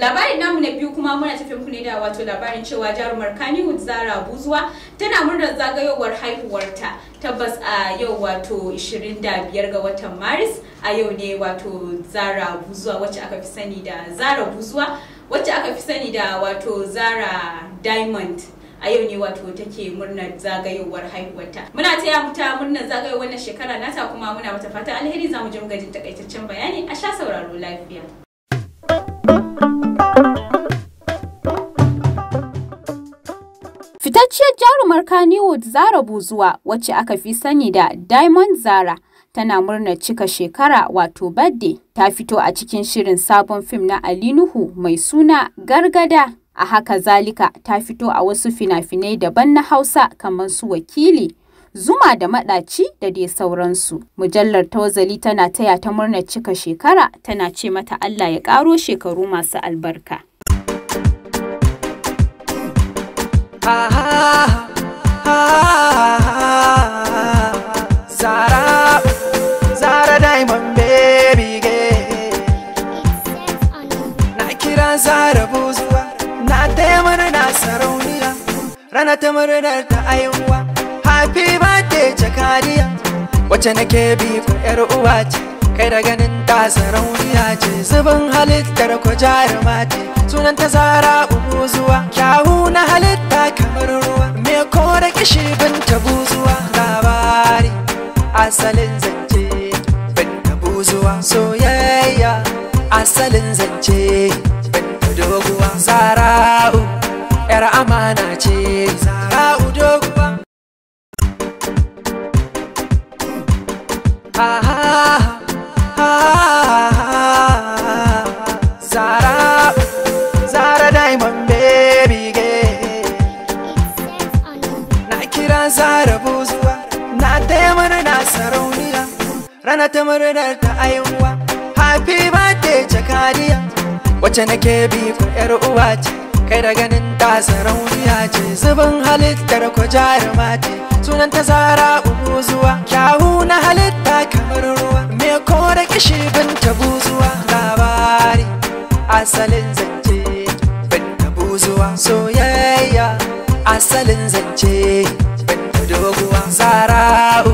labarin namu na biyu kuma muna tafi muku ne da wato labarin cewa jarumar kaniwood zara buzuwa tana murnar zagayowar haihuwarta tabbas a yau wato 25 ga watan maris a yau ne wato zara buzuwa wacce aka fi sani da zara buzuwa wacce aka fi sani da wato zara diamond a yau ne wato take murnar zagayowar haihuwarta muna taya muta murnar zagayowar wannan shekara nata kuma muna mata fata alheri zamu ji mu takaitaccen bayani a sha sauraro lafiya jarumar Kannywood Zara Buzuwa wacce aka fi sani da Diamond Zara tana murnar cika shekara wato badde ta fito a cikin shirin sabon fim na Ali Nuhu mai suna Gargada a haka zalika ta fito a wasu fina-finai daban na Hausa kamar su wakili Zuma da maɗaci da dai sauransu. Mujallar Tawazali tana taya ta murnar cika shekara tana ce mata Allah ya ƙaro shekaru masu albarka. Zara, Zara diamond baby Na kira Zara buzuwa, na taya murna sarauniya, rana ta murnar ta aiwa. Happy birthday jakadiya, wacce nake bi ku yar uwa ce. Kai da ganin ta sarauniya ce zubin halittar ku jaruma ce sunanta zara ubuzuwa kyawu na halitta kamar ruwa me kore kishi asalin zance ban da buzuwa soyayya asalin zance ban doguwa zara'u yar amana ce zara'u doguwa zara buzuwa na taya mana rana ta murnar ta aiwa happy birthday jakariya wacce nake bi ku yar uwa ce kai da ganin ta sarauniya ce zubin halittar ku jaruma ce sunan ta zara ubuzuwa kyawu na halitta kamar ruwa me kore kishi bin ta buzuwa labari asalin zance bin ta buzuwa soyayya asalin zance bin ta doguwa zara'u